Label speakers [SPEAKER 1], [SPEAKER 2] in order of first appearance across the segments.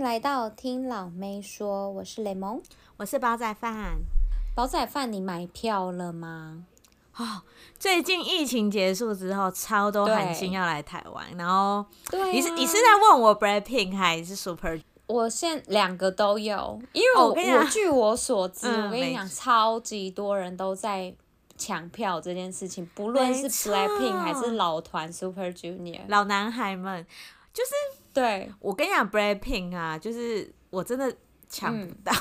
[SPEAKER 1] 來到聽老妹說，我是雷蒙，我是煲仔飯。煲仔飯，你買票了嗎？
[SPEAKER 2] 哦，最近疫情結束之後，超多韓星要來台灣，然後，對、啊，你是你是在問我 BLACKPINK 還是 Super、Junior? 我
[SPEAKER 1] 現在兩個都有，因為我跟，哦、我跟我，我據我所知，嗯、我跟你講，嗯、超級多人都在搶票這件事情，不論是 BLACKPINK 還是老團 Super Junior，老男孩們就是。對，我跟你講 BLACKPINK 啊，就是
[SPEAKER 2] 我真的搶不到，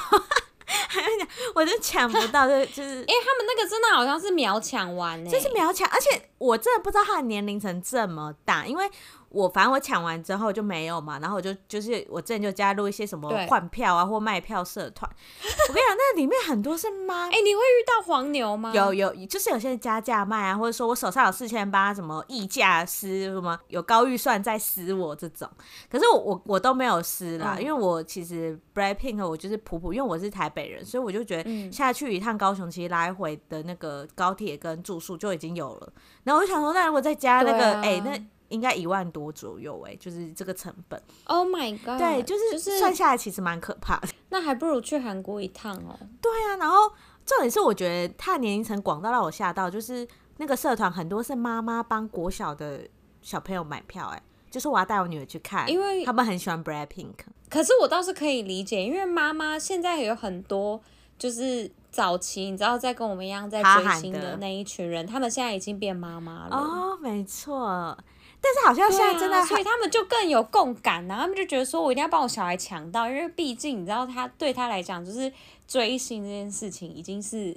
[SPEAKER 2] 跟你講，我真的搶不到，就就是，誒、 欸，他們那個真的好像是秒搶完、欸，就是秒搶，而且我真的不知道他的年齡層這麼大，因為。我反正我搶完之後就沒有嘛，然後我就就是我之前就加入一些什麼換票啊或賣票社團。 我
[SPEAKER 1] 跟你講，那裡面很多是媽哎、欸，你會遇到黃牛嗎？有有，
[SPEAKER 2] 就是有些人加價賣啊，或者說我手上有四千八，什麼溢價撕什麼，有高預算在撕我這種。可是我我我都沒有撕啦，嗯、因為我其實 Blackpink 我就是普普，因為我是台北人，所以我就覺得下去一趟高雄，其實來回的那個高鐵跟住宿就已經有了。然後我就想說，那如果再加那個哎、啊欸、那。應該一萬多左右哎、欸，就是這個成本。
[SPEAKER 1] Oh my god！對，就是就是算
[SPEAKER 2] 下來其實蠻可怕的，就是。
[SPEAKER 1] 那還不如去韓國一趟哦，喔。
[SPEAKER 2] 對啊，然後重點是我覺得的年齡層廣到讓我嚇到，就是那個社團很多是媽媽幫國小的
[SPEAKER 1] 小朋友買票哎、欸，就是我要帶我女兒去看，因為他們很喜歡 Black Pink。可是我倒是可以理解，因為媽媽現在有很多就是早期你知道在跟我們一樣在追星的那一群人，他們現在已經變媽媽了哦，oh, 沒錯。但是好像現在真的、啊，所以他們就更有共感，然後他們就覺得說我一定要幫我小孩搶到，因為畢竟你知道他，他對他來講就是追星這件事情已經是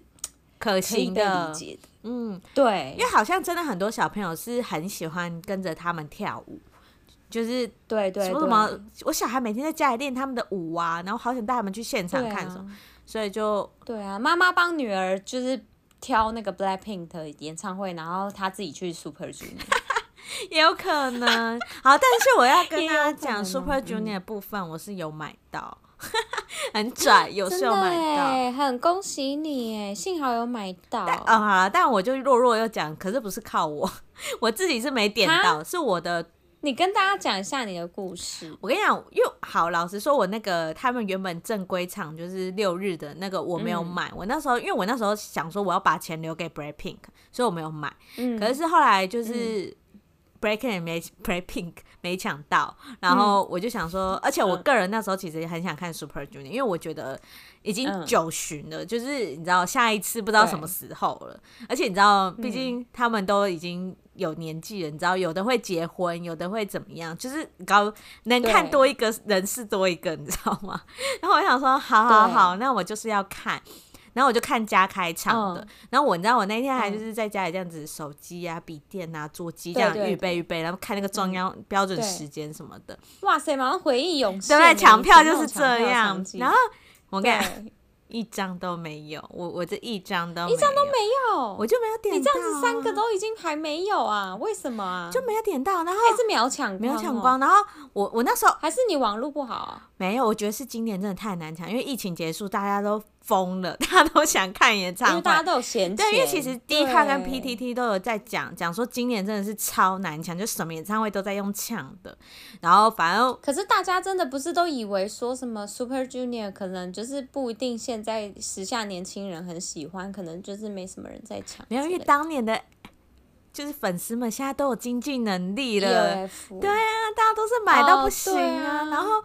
[SPEAKER 2] 可行的,的。
[SPEAKER 1] 嗯，
[SPEAKER 2] 對，因為好像真的很多小朋友是很喜歡跟着他們跳舞，就是什麼什麼
[SPEAKER 1] 對對什麼
[SPEAKER 2] 我小孩每天在家裡練他們的
[SPEAKER 1] 舞啊，然後好想帶他們去現場看什麼、啊，所以就對啊，媽媽幫女兒就是挑那個 Black Pink 的演唱會，然後她自己去 Super Junior。
[SPEAKER 2] 也有可能， 好，但是我要跟大家講，Super Junior
[SPEAKER 1] 的部分我是有買
[SPEAKER 2] 到，嗯、 很拽、嗯，有是有買到，
[SPEAKER 1] 很恭喜你哎，幸好有買到。嗯、哦，好啦，但
[SPEAKER 2] 我就弱弱又講，可是不是靠我，我自己是沒點到，是我的。你跟大家講一下你的故事。我跟你講，又好，老實說，我那個他們原本正規場就是六日的那個我沒有買，嗯、我那時候因為我那時候想說我要把錢留給 Black Pink，所以我沒有買。嗯，可是，是後來就是。嗯 Breaking 沒，Blackpink 沒搶到，然後我就想說、嗯，而且我個人那時候其實也很想看 Super Junior，、嗯、因為我覺得已經九旬了、嗯，就是你知道下一次不知道什麼時候了，而且你知道，畢竟他們都已經有年紀了、嗯，你知道有的會結婚，有的會怎麼樣，就是高能看多一個人是多一個，你知道嗎？然後我想說，好好好，那我就是要看。然後我就看加開場的，嗯、然後我，你知道我那天還就是在家裡這樣子，手機啊、嗯、筆電啊、桌機這樣預備，對對對對預備，然後看那個中央標準時
[SPEAKER 1] 間什麼的。嗯、哇塞，馬上回憶湧現。對，對，搶票就是這樣。然後
[SPEAKER 2] 我看一張都沒有，我我這一張都沒有一張
[SPEAKER 1] 都沒有，我就沒有點到、啊。你這樣子三個都已經還沒有啊？為什麼啊？就沒有點到，然後還是沒有搶、啊，沒有搶光。然後我我那時候還是你網路不好、
[SPEAKER 2] 啊？沒有，我覺得是今年真的太難搶，因為疫情結束，大家都。瘋了，大家都想看演唱會，因為大家都有閒錢。對，因為其實 Dcard 跟 PTT 都有在講講說，今年真的是超難搶，就什麼演唱會都在用搶的。然後反
[SPEAKER 1] 而，可是大家真的不是都以為說什麼 Super Junior 可能就是不一定現在時下年輕人很喜歡，可能就是沒什麼人在搶。
[SPEAKER 2] 沒有，因為當年的，就是粉絲們現在都有經濟能
[SPEAKER 1] 力了、EF。對啊，大家都是買到不行啊、哦、啊。然後，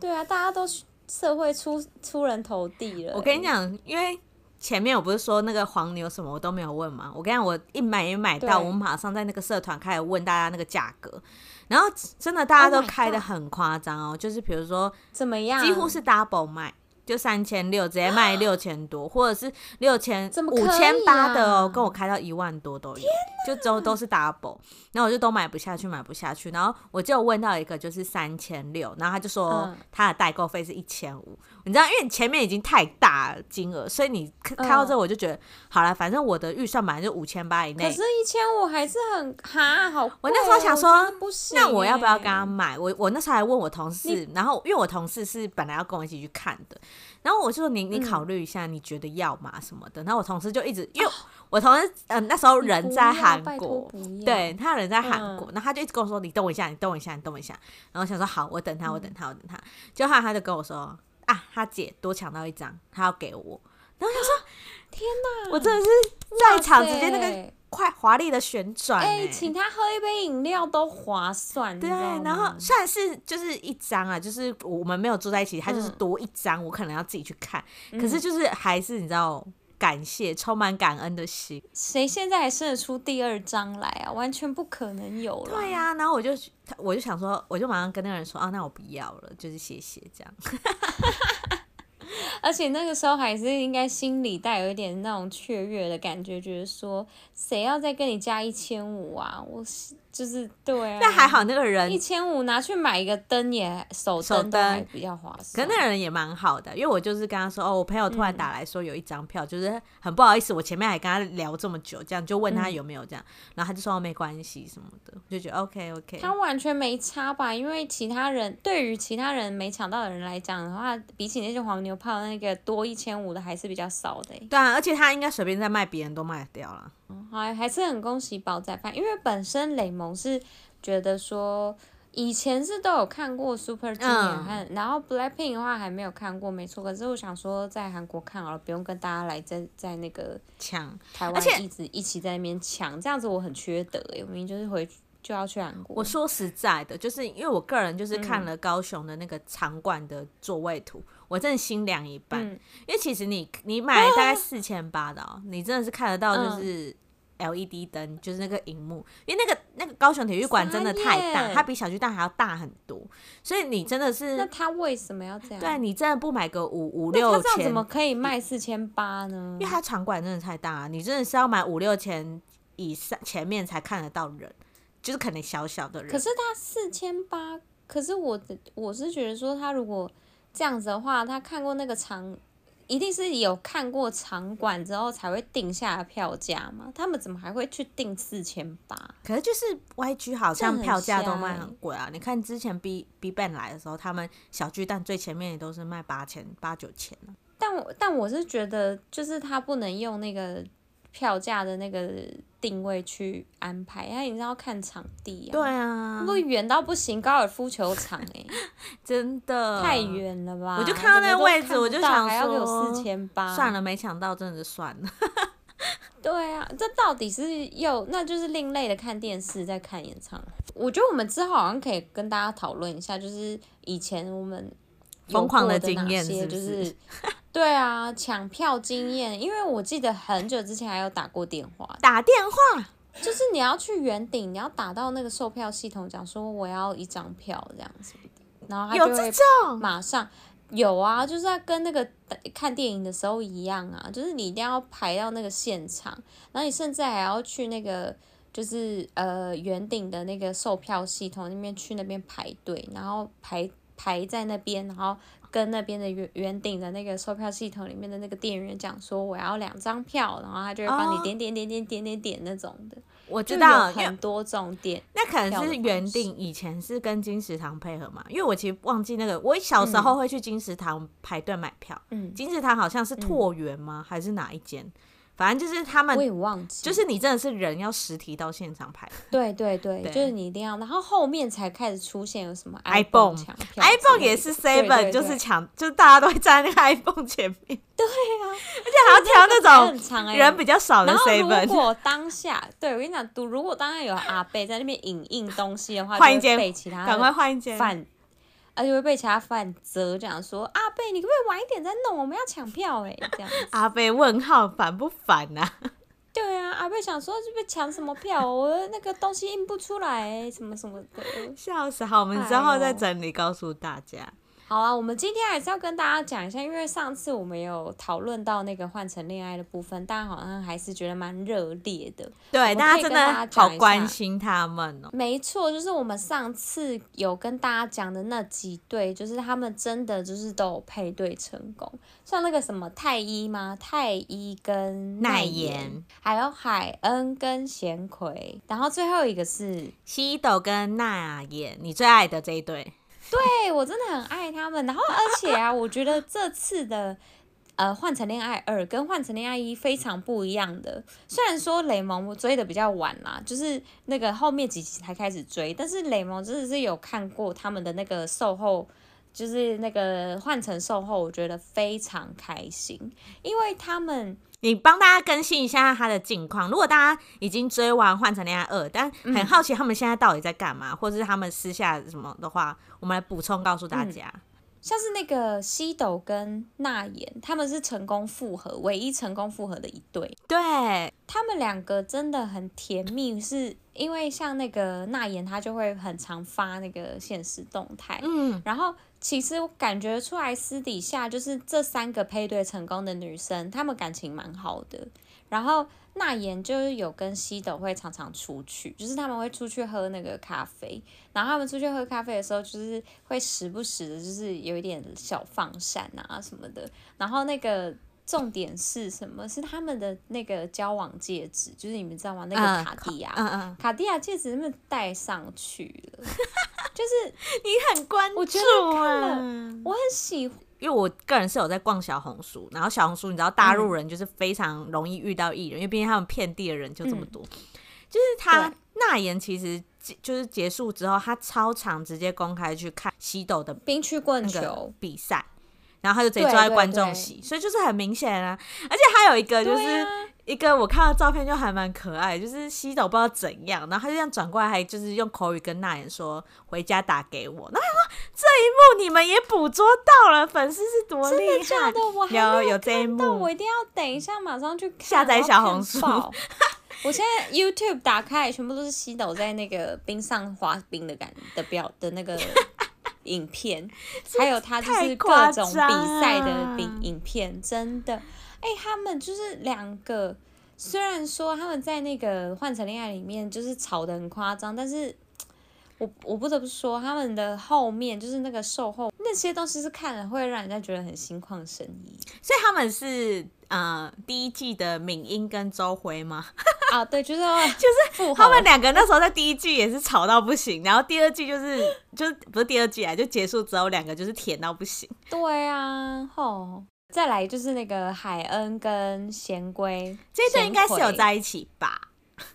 [SPEAKER 1] 對啊，大家都去。社會出出人頭地了、欸。我跟你講，
[SPEAKER 2] 因為前面我不是說那個黃牛什麼我都沒有問嘛，我跟你講，我一買一買到，我馬上在那個社團開始問大家那個價格，然後真的大家都開得很誇張哦，oh、就是比如說怎麼樣，幾乎是 double 賣。就三千六，直接賣六千多、啊，或者是六千、啊、五千八的哦、喔，跟我開到一萬多都有，就都都是 double，然後我就都買不下去，買不下去。然後我就問到一個，就是三千六，然後他就說他的代購費是一千五。你知道，因為前面已經太大金額，所以你看到這我就覺得、嗯、好了，反正我的預算本來就五千八以內。可是，
[SPEAKER 1] 一千五還是很哈好、哦。我那時候想說、欸，那我要不
[SPEAKER 2] 要跟他買？我我那時候還問我同事，然後因為我同事是本來要跟我一起去看的，然後我就說你、嗯：“你你考慮一下，你覺得要嗎？什麼的？”然後我同事就一直，因為我同事嗯、呃、那時候人在韓國，
[SPEAKER 1] 對，
[SPEAKER 2] 他人在韓國、嗯，然後他就一直跟我說：“你動一下，你動一下，你動一下。一下”然後我想說：“好，我等他，我等他，嗯、我等他。等他”就後他就跟我說。啊，他姐多搶到一張，他要給我，然後他說：“
[SPEAKER 1] 天哪，我真的是在場直接那個
[SPEAKER 2] 快華麗的旋轉、欸，哎、欸，請
[SPEAKER 1] 他喝一杯飲
[SPEAKER 2] 料都划算，對。”然後算是就是一張啊，就是我們沒有坐在一起，他就是多一張，我可能要自己去看、嗯，可是就是還是你知道。感謝，充滿感恩的心。
[SPEAKER 1] 誰現在還生得出第二張來啊？完全不可能有了。
[SPEAKER 2] 對呀，然後我就，我就想說，我就馬上跟那個人說啊，那我不要了，就是謝謝這樣。
[SPEAKER 1] 而且那個時候還是應該心裡帶有一點那種雀躍的感覺，覺得說，誰要再跟你加一千五啊？我是。就是對、啊，但還好那個人一千五拿去買一個燈也手手燈比較划
[SPEAKER 2] 算，可那個人也蠻好的，因為我就是跟他說哦，我朋友突然打來說有一張票、嗯，就是很不好意思，我前面還跟他聊這麼久，這樣就問他有沒有這樣，嗯、然後他就說沒關係什麼的，我就覺得 OK OK，他
[SPEAKER 1] 完全沒差吧？因為其他人對於其他人沒搶到的人來講的話，比起那些黃牛票那個多一千五的還是比較少的，欸，
[SPEAKER 2] 對啊，而且他應該隨便在賣，別人都賣掉了，還，嗯
[SPEAKER 1] 啊、還是很恭喜寶仔飯，因為本身雷蒙。我是覺得說，以前是都有看過 Super Junior、嗯，和然後 Blackpink 的話還沒有看過，沒錯。可是我想說，在韓國看好了，不用跟大家來在在那個搶台灣，一直一起在那邊搶，這樣子我很缺德哎、嗯。我明就是回就要
[SPEAKER 2] 去韓國。我說實在的，就是因為我個人就是看了高雄的那個場館的座位圖，嗯、我真的心涼一半、嗯。因為其實你你買大概四千八的，喔，你真的是看得到就是。嗯 LED 燈就是那個熒幕，因為那個那個高雄體育館真的太大，它比小巨蛋還要大很多，所以你真的是那他為什麼要這樣？對，你真的不買個五五六千，怎麼可以賣四千八呢？因為它場館真的太大啊，你真的是要買五六千以上，前面才看得到人，就是可能小
[SPEAKER 1] 小的人。可是他四千八，可是我我是覺得說他如果這樣子的話，他看過那個場。一定是有看過場館之後才會定下的票價嗎？他們怎麼還會去定四千八？可是就是 YG 好像票價都賣很貴啊，這
[SPEAKER 2] 很傻欸！你看之前 BIGBANG 來的時候，他們小巨蛋最前面也都是賣八千八九千啊。
[SPEAKER 1] 但但我是覺得，就是他不能用那個。票價的那個定位去安排，因、啊、為你知道看場地呀、啊，對啊，如果遠到不行，高爾夫球場哎、欸， 真的太遠了吧！我就看到那個位置，我就想說還要給我四千八算,了算了，
[SPEAKER 2] 沒搶到真的是算了。
[SPEAKER 1] 對啊，這到底是要那就是另類的看電視再看演唱會？我覺得我們之後好,好像可以跟大家討論一下，就是以前我們瘋狂的經驗，是不是？ 對啊，搶票經驗，因為我記得很久之前還有打過電話，打電話就是你要去圓頂，你要打到那個售票系統，講說我要一張票這樣子，然後還有這種馬上有啊，就是在跟那個看電影的時候一樣啊，就是你一定要排到那個現場，然後你甚至還要去那個就是呃圓頂的那個售票系統那邊去那邊排隊，然後排排在那邊，然後。跟那邊的圓圓頂的那個售票系統裡面的那個店員講說，我要兩張票，然後他就會幫你點點點點點點點那種的。哦、我知道很多種點那，那可能是圓頂
[SPEAKER 2] 以前是跟金石堂配合嘛，因為我其實忘記那個，我小時候會去金石堂排隊買票。嗯，金石堂好像是拓元嗎？嗯，還是哪一間？反正
[SPEAKER 1] 就是他們，我也忘
[SPEAKER 2] 記，就是你真的是人要實體到現場排。
[SPEAKER 1] 對對對，對，就是你一定要，然後後面才開始出現有什麼 iPhone，iPhone 也是 seven，就是搶，就是大家都會站在那個 iPhone 前面。對啊，而且還要挑那種人比較少的 seven。那個欸、如果當下，對我跟你講，如果當下有阿伯在那邊影印東西的話，換一間，趕快換一間。而、啊、且會被其他反責，這樣說，阿貝，你可不可以晚一點再弄？我們要搶票哎，這樣。 阿貝？問號，煩不煩啊？對啊，阿貝想說，是不是搶什麼票、哦？我 那個東西印不出來，什麼什麼的。笑死。好，我們之後再整
[SPEAKER 2] 理告訴大家。
[SPEAKER 1] 好啊，我們今天還是要跟大家講一下，因為上次我們有討論到那個換乘戀愛的部分，大家好像還是覺得蠻熱烈的。對，大家真的好關心他們哦。沒錯，就是我們上次有跟大家講的那幾對，就是他們真的就是都有配對成功，像那個什麼太一嗎？太一跟奈妍，還有海恩跟賢奎，然後最後一個是希豆跟奈妍，你最愛的這一對。對，我真的很愛他們。然後，而且啊，我覺得這次的呃《換乘戀愛二》跟《換乘戀愛一》非常不一樣的。雖然說雷蒙我追的比較晚啦，就是那個後面幾集才開始追，但是雷蒙真的是有看過他們的那個售後，就是那個《換乘售後》，我覺得非常開心，因為他們。你幫大家更
[SPEAKER 2] 新一下他的近況。如果大家已經追完《換乘戀愛二》，但很好奇他們現在到底在幹嘛，嗯、或者是他們私下什麼的話，我們來補充告訴大家。
[SPEAKER 1] 像是那個西斗跟娜妍，他們是成功複合，唯一成功複合的一對。對，他們兩個真的很甜蜜，是因為像那個娜妍，他就會很常發那個現實動態。嗯，然後。其實我感覺出來，私底下就是這三個配對成功的女生，她們感情蠻好的。然後娜妍就是有跟西斗會常常出去，就是他們會出去喝那個咖啡。然後他們出去喝咖啡的時候，就是會時不時的，就是有一點小放閃啊什麼的。然後那個。重點是什麼？是他們的那個交往戒指，就是你們知道嗎？嗯、那個卡地亞、嗯嗯，卡地亞戒指，那麼戴上去了。 就是你很關注啊。我覺得我很喜
[SPEAKER 2] 歡，因為我個人是有在逛小紅書，然後小紅書你知道，大陸人就是非常容易遇到藝人、嗯，因為畢竟他們遍地的人就這麼多。嗯、就是他娜妍，其實就是結束之後，他超常直接公開去看西斗的冰區棍球比賽。然後他就直接坐在觀眾席，對對對，所以就是很明顯啊。而且還有一個，就是、啊、一個我看到照片就還蠻可愛，就是西斗不知道怎樣，然後他就這樣轉過來，還就是用口語跟那人說，回家打給我。娜也
[SPEAKER 1] 說這一幕你們也捕捉到了，粉絲是多厲害，真的假的？有有，有這一幕，我一定要等一下馬上去下載小紅書。 我現在 YouTube 打開全部都是西斗在那個冰上滑冰的感覺的表的那個。 影片，還有他就是各種比賽的比影片，真的，哎、欸，他們就是兩個，雖然說他們在那個《換乘戀愛》裡面就是吵得很誇張，但是，我我不得不說，他們的後面就是那個售後那些東西是看了會讓人家覺得很心曠神怡，
[SPEAKER 2] 所以他們是。嗯、呃，第一季的敏英跟周輝嗎？啊，對，就是、啊、 就是，他們兩個那時候在第一季也是吵到不行， 然後第二季就是，就是不是第二季啊，就結束之後兩個就是甜到不行。
[SPEAKER 1] 對啊，吼，再來就是那個海恩跟賢圭，這一對應該是有在一起吧？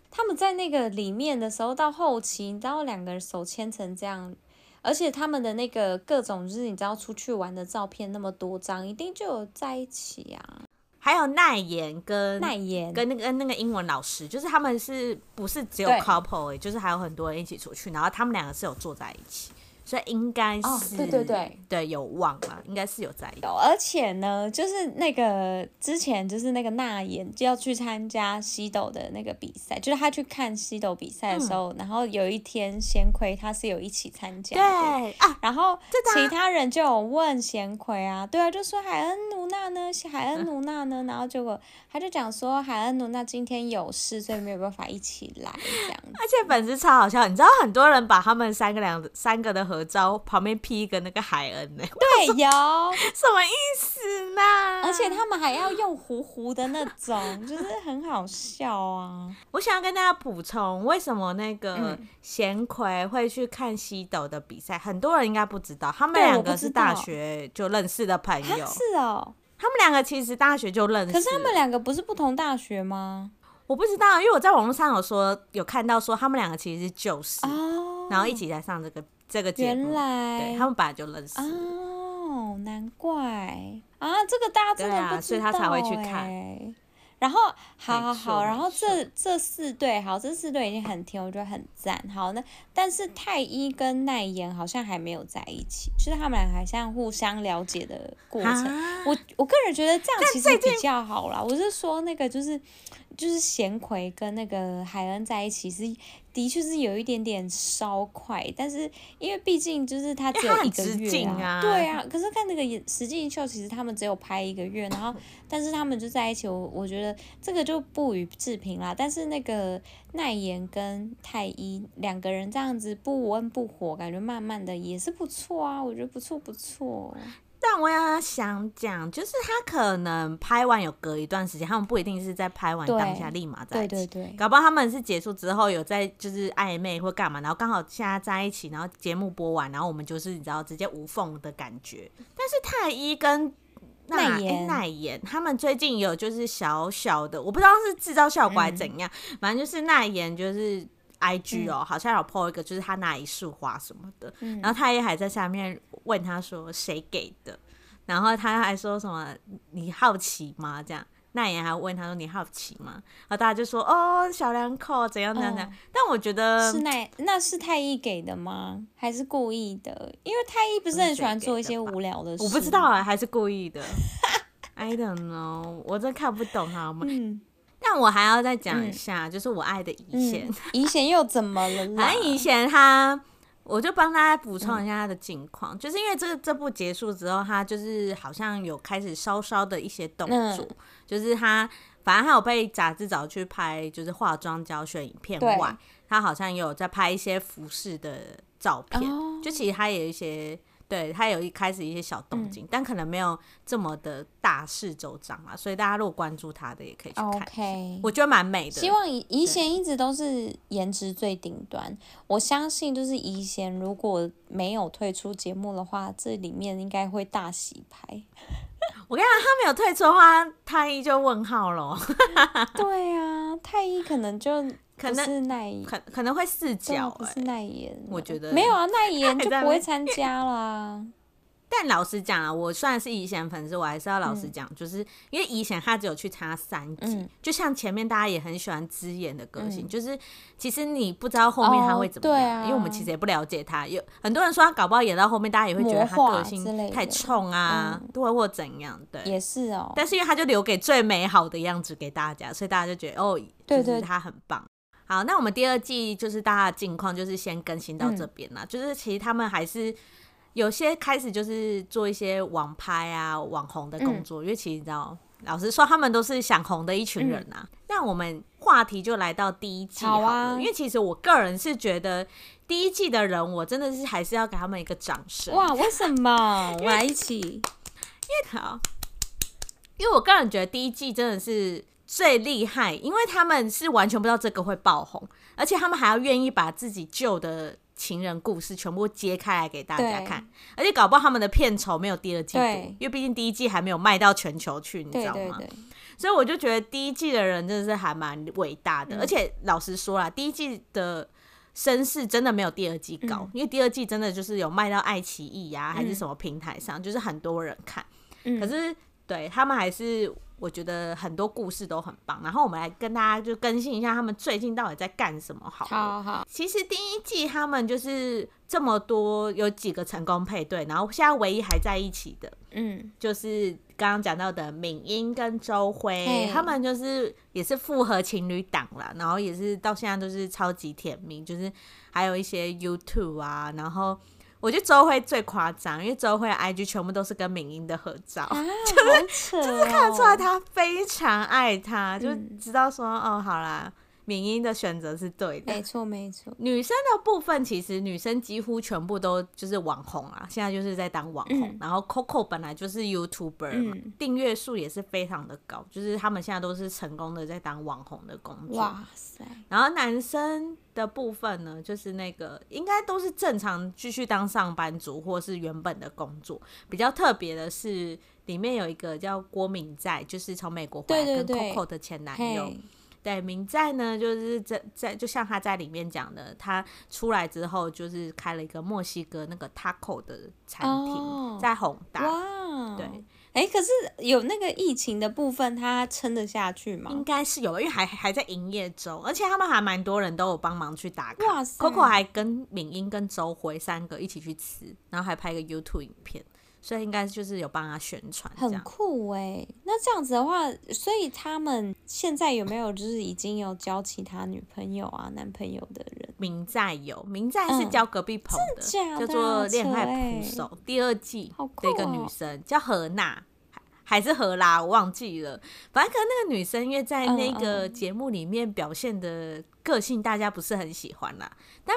[SPEAKER 1] 他們在那個裡面的時候，到後期你知道兩個人手牽成這樣，而且他們的那個各種就是你知道出去玩的照片那麼多張，一定就有在一起啊。
[SPEAKER 2] 還有奈言跟奈言跟那個、跟那個英文老師，就是他們是不是只有 couple？誒，就是還有很多人一起出去，然後他們兩個是有坐在一起。
[SPEAKER 1] 所以應該是，oh, 對對
[SPEAKER 2] 對對有望嘛，應該是有在意有。
[SPEAKER 1] 而且呢，就是那個之前就是那個娜妍，就要去參加西斗的那個比賽，就是他去看西斗比賽的時候，嗯，然後有一天賢奎他是有一起參加，對，對啊，然後其他人就有問賢奎啊，啊，對啊，就說海恩努娜呢，海恩努娜呢，嗯，然後結果他就講說海恩努娜今天有事，所以沒有辦法一起來 這樣。而且粉絲超好笑，你知道很多
[SPEAKER 2] 人把他們三個兩三個的。合照旁邊 P 一個那個海恩呢、欸？
[SPEAKER 1] 對，有什麼意思呢？而且他們還要用糊糊的那種， 就是很好笑
[SPEAKER 2] 啊！我想要跟大家補充，為什麼那個賢奎會去看西斗的比賽、嗯？很多人應該不知道，他們兩個是大學就認識的朋友。是哦，他們兩個其實大學就認識，可是他們
[SPEAKER 1] 兩個不是不同大學嗎？
[SPEAKER 2] 我不知道，因為我在網絡上有說有看到說他們兩個其實、就是舊識、哦、然後一起在上這個。這個節目，原來對，他們本來就認識
[SPEAKER 1] 了。哦，難怪啊，這個大家真的不知道、欸，對啊，所以他才會去看。然後，好好好，然後這這四對，好，這四對已經很甜，我覺得很讚。好，那但是太一跟奈言好像還沒有在一起，就是他們倆還像互相了解的過程。啊、我我個人覺得這樣其實比較好啦。我是說那個就是就是賢奎跟那個海恩在一起是。的確是有一點點稍快，但是因為畢竟就是他只有一個月啊，他啊對啊。可是看那個《實際一》秀，其實他們只有拍一個月，然後但是他們就在一起，我我覺得這個就不予置評啦。但是那個奈顏跟太一兩個人這樣子不溫不火，感覺慢慢的也是不錯啊，我覺得不錯不錯。但我
[SPEAKER 2] 要想講，就是他可能拍完有隔一段時間，他們不一定是在拍完當下立馬在一起，對對對對，搞不好他們是結束之後有在就是曖昧或幹嘛，然後剛好現在在一起，然後節目播完，然後我們就是你知道直接無縫的感覺。但是太一跟奈妍，奈妍他們最近有就是小小的，我不知道是製造效果還是怎樣、嗯，反正就是奈妍就是 I G 哦、嗯，好像有 po 一個就是他那一束花什麼的、嗯，然後太一還在下面，問他說誰給的，然後他還說什麼你好奇嗎？這樣。那你還問他說你好奇嗎？
[SPEAKER 1] 然後大家就說哦小兩口怎樣怎樣，哦、但我覺得是那那是太醫給的嗎？還是故意的？因為太醫不是很喜歡做一些無聊的事的，我不知道啊，
[SPEAKER 2] 還是故意的 ？I don't know，我真的看不懂好嗎？嗯，那我還要再講一下、嗯，就是我愛的尹賢，尹、嗯、賢又怎麼了呢？以前他。我就幫大家補充一下他的近況、嗯，就是因為這個這部結束之後，他就是好像有開始稍稍的一些動作，嗯、就是他反正他有被雜誌找去拍，就是化妝教學影片外，對，他好像也有在拍一些服飾的照片、哦，就其實他也有一些。對他有一開始一些小動靜、嗯，但可能沒有這麼的大勢走漲啊。所以大家如果關注他的，也可以去看。
[SPEAKER 1] Okay, 我
[SPEAKER 2] 覺得蠻美的。希望
[SPEAKER 1] 以尹賢一直都是顏值最頂端。我相信就是尹賢如果沒有退出節目的話，這裡面應該會大洗牌。 我跟你講，他沒有退出的話，太一就問號了。 對啊，太一可能就。可能不是可可能會四角哎、欸，是耐炎、啊，我覺得沒有啊，耐炎就不會參加啦。
[SPEAKER 2] 但老實講啊，我算是以前粉絲，我還是要老實講、嗯，就是因為以前他只有去參加三集、嗯，就像前面大家也很喜歡之言的個性、嗯。就是其實你不知道後面他會怎麼樣，哦，對啊、因為我們其實也不了解他。有很多人說他搞不好演到後面，大家也會覺得他個性太衝啊，嗯、對或怎樣？對，也是哦。但是因為他就留給最美好的樣子給大家，所以大家就覺得哦，就是他很棒。對對對。好，那我們第二季就是大家的近況，就是先更新到這邊啦、嗯。就是其實他們還是有些開始就是做一些網拍啊、網紅的工作，嗯、因為其實你知道，老實說，他們都是想紅的一群人吶、啊嗯。那我們話題就來到第一季好了、好啊，因為其實我個人是覺得第一季的人，我真的是還是要給他們一個掌聲。哇，為
[SPEAKER 1] 什麼？ 來一起，因
[SPEAKER 2] 為，因為好，因為我個人覺得第一季真的是。最厲害，因為他們是完全不知道這個會爆紅，而且他們還要願意把自己舊的情人故事全部揭開來給大家看，而且搞不好他們的片酬沒有第二季多，因為畢竟第一季還沒有賣到全球去，你知道嗎？對對對，所以我就覺得第一季的人真的是還蠻偉大的，嗯，而且老實說啦，第一季的聲勢真的沒有第二季高，嗯，因為第二季真的就是有賣到愛奇藝呀、啊嗯，還是什麼平台上，就是很多人看，嗯，可是對他們還是。我覺得很多故事都很棒，然後我們來跟大家就更新一下他們最近到底在幹什麼好。好好，其實第一季他們就是這麼多，有幾個成功配對，然後現在唯一還在一起的，嗯，就是剛剛講到的敏英跟周輝，他們就是也是復合情侶檔了，然後也是到現在都是超級甜蜜，就是還有一些 YouTube 啊，然後。我覺得周慧最誇張，因為周慧的 IG 全部都是跟敏英的合照，啊、就是、哦、就是看得出來他非常愛她、嗯，就是知道說哦，好啦。明音的選擇是對的，沒錯沒錯。女生的部分，其實女生幾乎全部都就是網紅啊，現在就是在當網紅。嗯、然後 Coco 本來就是 YouTuber，訂閱數也是非常的高，就是他們現在都是成功的在當網紅的工作。哇塞！然後男生的部分呢，就是那個應該都是正常繼續當上班族，或是原本的工作。比較特別的是，裡面有一個叫郭敏在，就是從美國回來跟 Coco 的前男友。對對對對。對，明在呢，就是在在，就像他在裡面講的，他出來之後就是開了一個墨西哥那個 taco 的餐廳，在弘大。Oh.
[SPEAKER 1] Wow. 對，哎、欸，可是有那個疫情的部分，他撐得下去嗎？應該是有，因為
[SPEAKER 2] 還還在營業中，而且他們還蠻多人都有幫忙去打卡。Coco 還跟敏英跟周輝三個一起去吃，然後還拍個 YouTube 影片。所以應該就是有幫他宣傳，很
[SPEAKER 1] 酷哎、欸！那這樣子的話，所以他們現在有沒有就是已經有交其他女朋友啊、 男朋友的人？明在有，明在是交隔壁棚的，嗯，叫做《戀愛捕手》
[SPEAKER 2] 第二季的一個女
[SPEAKER 1] 生，喔，叫何
[SPEAKER 2] 娜還是何拉，我忘記了。反正可能那個女生因為在那個節目裡面表現的個性，大家不是很喜歡啦、嗯嗯，但。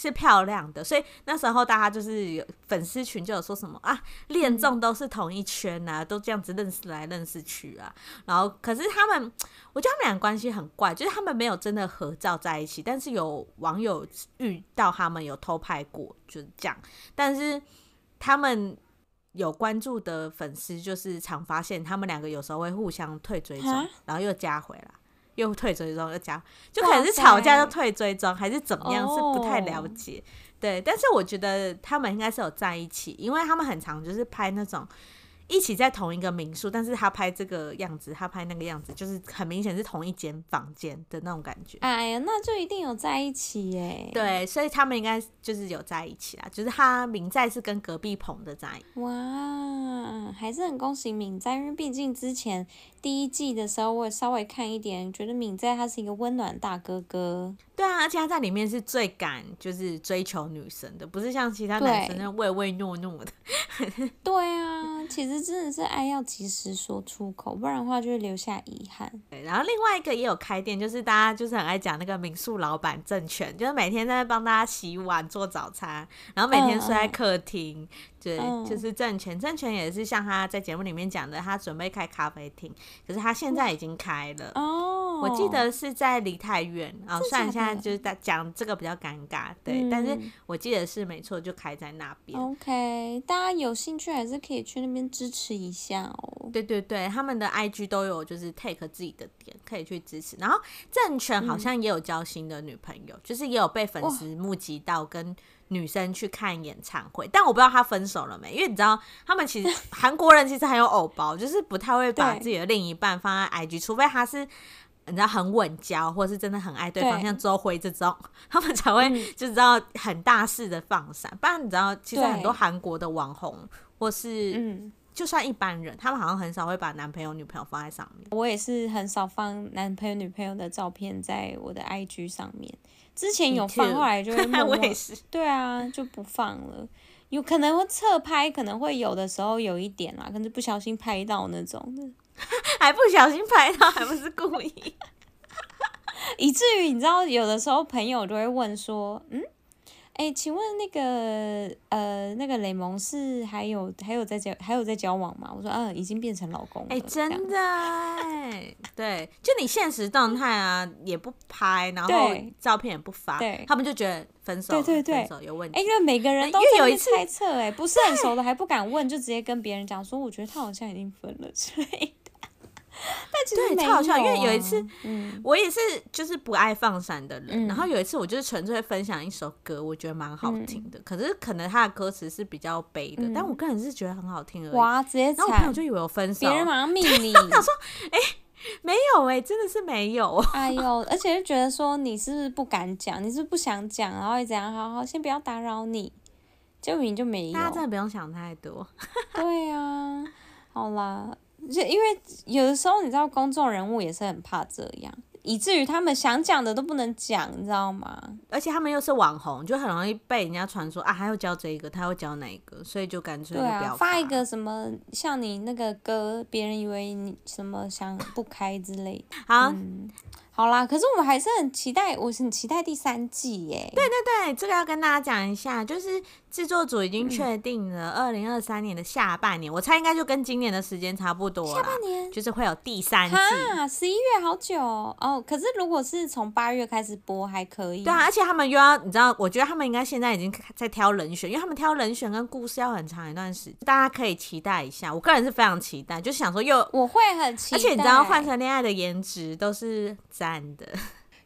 [SPEAKER 2] 是漂亮的，所以那時候大家就是有粉絲群，就有說什麼啊，戀綜都是同一圈吶、啊，都這樣子認識來認識去啊。然後，可是他們，我覺得他們倆關係很怪，就是他們沒有真的合照在一起，但是有網友遇到他們有偷拍過，就是這樣。但是他們有關注的粉絲，就是常發現他們兩個有時候會互相退追蹤，然後又加回來。又退追蹤，又加，
[SPEAKER 1] 就可能是吵架就
[SPEAKER 2] 退追蹤，還是怎麼樣是不太了解。Oh. 對，但是我覺得他們應該是有在一起，因為他們很常就是拍那種一起在同一個民宿，但是他拍這個樣子，他拍那個樣子，就是很明顯是同一間房間的那種感覺。
[SPEAKER 1] 哎呀，那就一定有在一起哎。對，所以他們應該就
[SPEAKER 2] 是有在一起啦，就是他明在是跟隔壁棚的在
[SPEAKER 1] 哇。Wow. 還是很恭喜敏在，因為畢竟之前第一季的時候，我也稍微看一點，覺得敏在他是一個溫暖大哥哥。對啊，而且他在裡面是最敢，就是追求
[SPEAKER 2] 女生的，不是像其他男生那唯唯諾諾的。
[SPEAKER 1] 對啊，其實真的是愛要及時說出口，不然的話就會留下遺憾。對，然後另外一個也有
[SPEAKER 2] 開店，就是大家就是很愛講那個民宿老闆鄭權，就是每天在幫大家洗碗，做早餐，然後每天睡在客廳。對、呃呃，就是鄭權，鄭權也是像他在節目裡面講的，他準備開咖啡廳，可是他現在已經開了哦。我記得是在梨泰院啊，算一下。但就是在講這個比較尷尬，對、嗯，但是我記得是沒錯，就開在那邊。
[SPEAKER 1] OK，大家有興趣還是可以去那邊支
[SPEAKER 2] 持一下哦。對對對，他們的 IG 都有就是 take 自己的點可以去支持。然後鄭權好像也有交新的女朋友，嗯、就是也有被粉絲目擊到跟女生去看演唱會，但我不知道他分手了沒，因為你知道他們其實韓 國人其實很有偶包，就是不太會把自己的另一半放在 IG，除非他是。你知道很穩交，或者是真的很愛對方，對像周輝這種，他們才會就知道很大肆的放閃。不、嗯、然你知道，其實很多韓國的網紅，或是就算一般人，嗯，他們好像很少會把男朋友、女朋友放在上面。
[SPEAKER 1] 我也是很少放男朋友、女朋友的照片在我的 IG 上面，
[SPEAKER 2] 之前有放，後來就慢慢我也是，
[SPEAKER 1] 對啊，就不放了。有可能會側拍，可能會有的時候有一點啦，可是不小心拍到那種還不小心拍到，還不是故意， 以至於你知道，有的時候朋友都會問說，嗯，哎、欸，請問那個呃，那個雷蒙是還有還有在交還有在交往嗎？我說，嗯、呃，已經變成老公了。哎、
[SPEAKER 2] 欸，真的、欸，對，就你現實狀態啊也不拍，然後照片也不發，對他們就覺得分手，對對對，分手有問題。欸、
[SPEAKER 1] 因為每個人都會猜測、欸，哎，不是很熟的還不敢問，就直接跟別人講說，我覺得他好像已經分了之類。所以 但其實對，超好笑，啊、因為有一次、
[SPEAKER 2] 嗯，我也是就是不愛放閃的人、嗯。然後有一次，我就是純粹分享一首歌，我覺得蠻好聽的、嗯。可是可能他的歌詞是比較悲的、嗯，但我個人是覺得很好聽而已。哇，直接，然後我朋友就
[SPEAKER 1] 以為我分手，別人馬上命令他說：“哎、欸，沒有哎、欸，真的是沒有。”哎呦，而且就覺得說你是不，是不敢講， 你是不，是不想講，然後怎樣？好好，先不要打擾你，就明就沒有。大家真的不用想太多。 對啊，好啦。就因為有的時候，你知道公眾人物也是很怕這樣，以至於他們想講的都不能講，你知道嗎？
[SPEAKER 2] 而且他們又是網紅，就很容易被人家傳說啊，他要教這個，他要教哪一個，所以就乾脆就、啊、發
[SPEAKER 1] 一個什麼像你那個歌，別人以為你什麼想不開之類的。 好、嗯，好啦，可是我們還是很期待，我很期待第三季耶、欸。對對對，這個要跟大家
[SPEAKER 2] 講一下，就是。製作組已經確定了，二零二三年的下半年，嗯、我猜應該就跟今年的時間差不多了。下半年就是會有第三季，啊、
[SPEAKER 1] 十一月好久哦，哦。可是如果是從八月開始播，還可以、啊。對啊，而
[SPEAKER 2] 且他們又要，你知道，我覺得他們應該現在已經在挑人選，因為他們挑人選跟故事要很長一段時間，大家可以期待一下。我個人是非常期待，就想說又我會很期待，而且你知道，換乘戀愛的顏值都是
[SPEAKER 1] 讚的。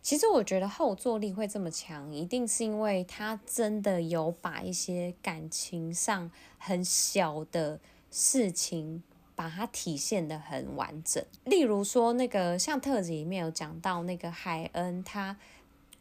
[SPEAKER 1] 其實我覺得後座力會這麼強，一定是因為他真的有把一些感情上很小的事情，把它體現得很完整。例如說，那個像特輯裡面有講到那個海恩，他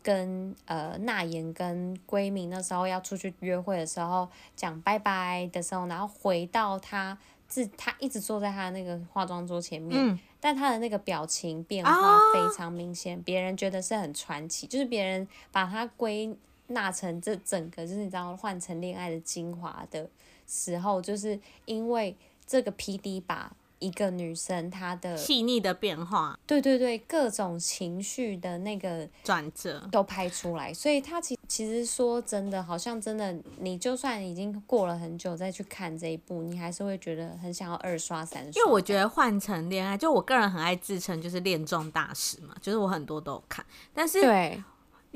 [SPEAKER 1] 跟呃娜妍跟閨明那時候要出去約會的時候，講拜拜的時候，然後回到他自他一直坐在他的那個化妝桌前面。嗯但他的那個表情變化非常明顯，別人覺得是很傳奇，就是別人把他歸納成這整個，就是你知道換乘戀愛的精華的時候，就是因為這個 PD 吧。一個女生她的細膩的變化，對對對，各種情緒的那個轉折都拍出來，所以她其其實說真的，好像真的，你就算已經過了很久再去看這一部，你還是會覺得很想要二刷三刷。因
[SPEAKER 2] 為我覺得《換乘戀愛》，就我個人很愛自稱就是戀重大師嘛，就是我很多都有看，但是對。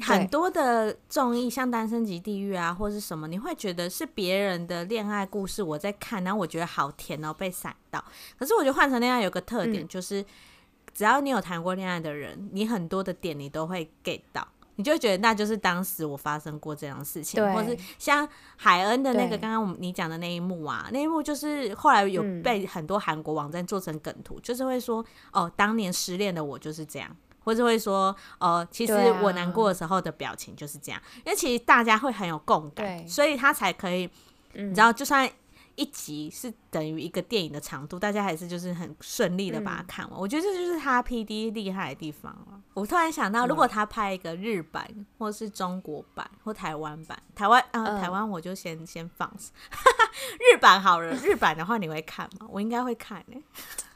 [SPEAKER 2] 很多的綜藝，像《單身即地獄》啊，或是什麼，你會覺得是別人的戀愛故事我在看，然後我覺得好甜哦，被閃到。可是我覺得《換乘戀愛》有個特點，就是只要你有談過戀愛的人，你很多的點你都會 get 到，你就會覺得那就是當時我發生過這樣的事情，或是像海恩的那個剛剛你講的那一幕啊，那一幕就是後來有被很多韓國網站做成梗圖，就是會說哦，當年失戀的我就是這樣。或者會說，呃，其實我難過的時候的表情就是這樣，啊、因為其實大家會很有共感，所以他才可以、嗯，你知道，就算一集是等於一個電影的長度，大家還是就是很順利的把它看完、嗯。我覺得這就是他 PD 厲害的地方了。我突然想到，如果他拍一個日版，或是中國版，或台灣版，台灣啊，台灣、呃、我就先、嗯、先放。 日版好了，日版的話你會看嗎？ 我應該
[SPEAKER 1] 會看呢、欸。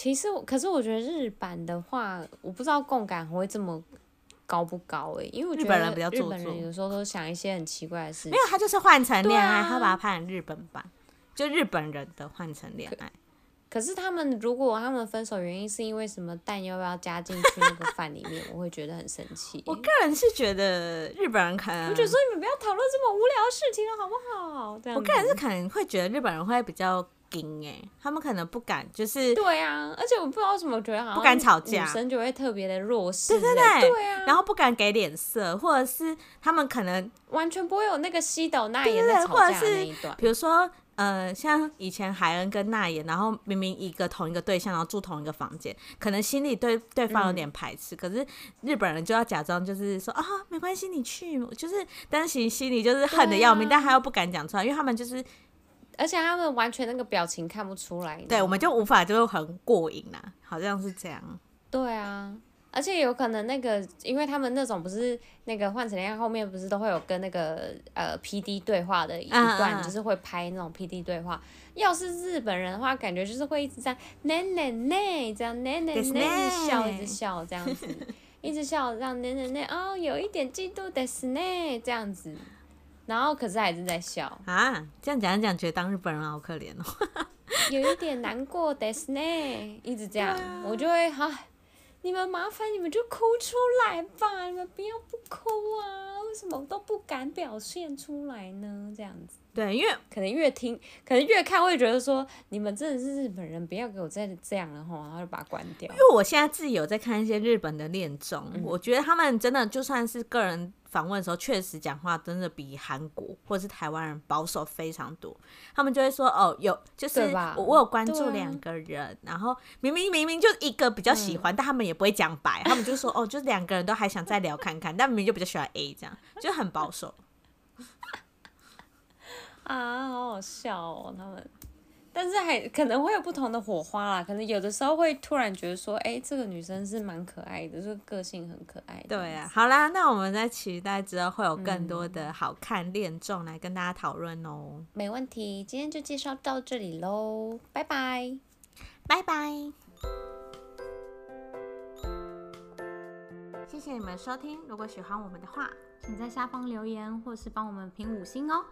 [SPEAKER 1] 其實，可是我覺得日版的話，我不知道共感會這麼高不高誒、欸，因為我覺得日本人比較住住日本人有時候都想一些很奇怪的事情。沒有，他就是換成戀愛、啊，他把
[SPEAKER 2] 它拍成日本版，就日本人的換成戀
[SPEAKER 1] 愛可。可是他們如果他們分手原因是因為什麼蛋要不要加進去那個飯裡面， 我會覺得很生氣、欸。我個人是覺得日本人可能我覺得說你們不要討論這麼無聊的事情了，好不好、嗯？我個人是可能
[SPEAKER 2] 會覺得日本人會比較。哎，他
[SPEAKER 1] 們可能不敢，就是對啊，而且我不知道為什麼覺得好像不敢吵架，女生就會特別的
[SPEAKER 2] 弱勢，對對對，對啊，然後不敢給臉色，或者是他們可能完全不會
[SPEAKER 1] 有那個西斗奈也吵架那一段，或者是
[SPEAKER 2] 比如說呃，像以前海恩跟奈也，然後明明一個同一個對象，然後住同一個房間，可能心裡對對方有點排斥、嗯，可是日本人就要假裝就是說啊、哦、沒關係，你去，就是但是其實心裡就是恨得要命，啊、但他又不敢講出來，因為他們就是。而且他們完全那個表情看不出來，對，我們就無法就很過癮啦，好像是這樣。
[SPEAKER 1] 對啊，而且有可能那個，因為他們那種不是那個換乘戀愛後面不是都會有跟那個呃 P D 對話的一段啊啊啊啊，就是會拍那種 P D 對話。要是日本人的話，感覺就是會一直在 n e 奈這樣 Nen 奈奈一直笑一直笑，笑這樣子，一直笑讓奈奈奈哦有一點嫉妒的是 e 這樣子。然後可是還是在笑啊，
[SPEAKER 2] 這樣講一講，覺得當日本人好可憐哦，
[SPEAKER 1] 有一點難過，但是呢，一直這樣、啊，我就會哈，你們麻煩你們就哭出來吧，你們不要不哭啊，為什麼我都不敢表現出來呢？這樣子。對，因為可能越聽，可能越看，會覺得說你們真的是日本人，不要給我再這樣了哈，然後就把它關掉。因為我現在自己有在看一些日本的
[SPEAKER 2] 戀綜、嗯，我覺得他們真的就算是個人訪問的時候，確實講話真的比韓國或者是台灣人保守非常多。他們就會說哦，有就是我，我有關注兩個人，啊、然後明明明明就一個比較喜歡，嗯、但他們也不會講白，他們就說哦，就是兩個人都還想再聊看看， 但明明就比較喜歡 A 這樣，就很保守。
[SPEAKER 1] 啊，好好笑哦，他們，但是還可能會有不同的火花啦，可能有的時候會突然覺得說，哎、欸，這個女生是蠻可愛的，這個個性很可愛。對啊，好啦，那我們再期
[SPEAKER 2] 待之後會有更多的好看戀綜來跟大家討論哦、嗯。
[SPEAKER 1] 沒問題，今天就介紹到這裡嘍，拜拜，拜拜，謝謝你們收聽，如果喜歡我們的話，請在下方留言或是幫我們評五星哦。